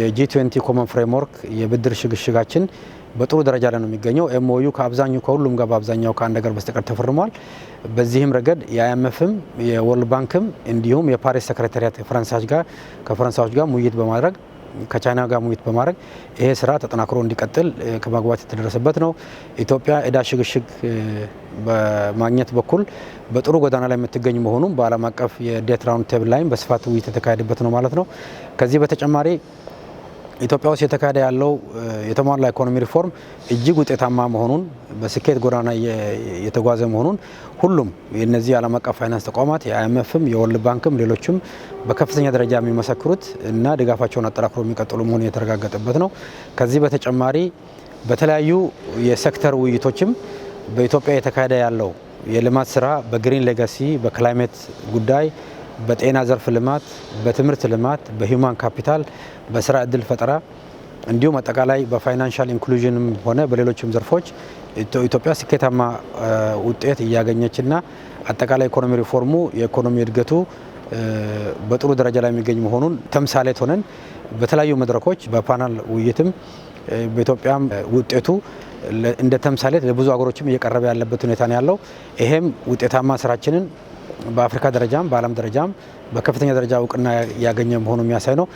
የጂ20 ኮመን ፍሬምወርክ የብድር ሽግሽጋችን በጥሩ ደረጃ ላይ ነው የሚገኘው። ኤምኦዩ ከአብዛኛው ከሁሉም ጋር በአብዛኛው ከአንድ ሀገር በስተቀር ተፈርሟል። በዚህም ረገድ የአይኤምኤፍም የወርልድ ባንክም እንዲሁም የፓሪስ ሰክሬታሪያት ፈረንሳዮች ጋር ከፈረንሳዮች ጋር ውይይት በማድረግ ከቻይና ጋር ሙይት በማድረግ ይሄ ስራ ተጠናክሮ እንዲቀጥል ከማግባት የተደረሰበት ነው። ኢትዮጵያ እዳ ሽግሽግ በማግኘት በኩል በጥሩ ጎዳና ላይ የምትገኝ መሆኑም በዓለም አቀፍ የዴት ራውንድ ቴብል ላይም በስፋት ውይይት የተካሄደበት ነው ማለት ነው። ከዚህ በተጨማሪ ኢትዮጵያ ውስጥ የተካሄደ ያለው የተሟላ ኢኮኖሚ ሪፎርም እጅግ ውጤታማ መሆኑን በስኬት ጎዳና የተጓዘ መሆኑን ሁሉም የነዚህ የዓለም አቀፍ ፋይናንስ ተቋማት የአይኤምኤፍም፣ የወርልድ ባንክም ሌሎችም በከፍተኛ ደረጃ የሚመሰክሩት እና ድጋፋቸውን አጠናክሮ የሚቀጥሉ መሆኑን የተረጋገጠበት ነው። ከዚህ በተጨማሪ በተለያዩ የሴክተር ውይይቶችም በኢትዮጵያ የተካሄደ ያለው የልማት ስራ በግሪን ሌጋሲ፣ በክላይሜት ጉዳይ በጤና ዘርፍ ልማት፣ በትምህርት ልማት፣ በሂውማን ካፒታል፣ በስራ እድል ፈጠራ እንዲሁም አጠቃላይ በፋይናንሻል ኢንክሉዥንም ሆነ በሌሎችም ዘርፎች ኢትዮጵያ ስኬታማ ውጤት እያገኘችና አጠቃላይ ኢኮኖሚ ሪፎርሙ የኢኮኖሚ እድገቱ በጥሩ ደረጃ ላይ የሚገኝ መሆኑን ተምሳሌት ሆነን በተለያዩ መድረኮች በፓናል ውይይትም በኢትዮጵያም ውጤቱ እንደ ተምሳሌት ለብዙ ሀገሮችም እየቀረበ ያለበት ሁኔታ ነው ያለው። ይሄም ውጤታማ ስራችንን በአፍሪካ ደረጃም በዓለም ደረጃም በከፍተኛ ደረጃ እውቅና ያገኘ መሆኑ የሚያሳይ ነው።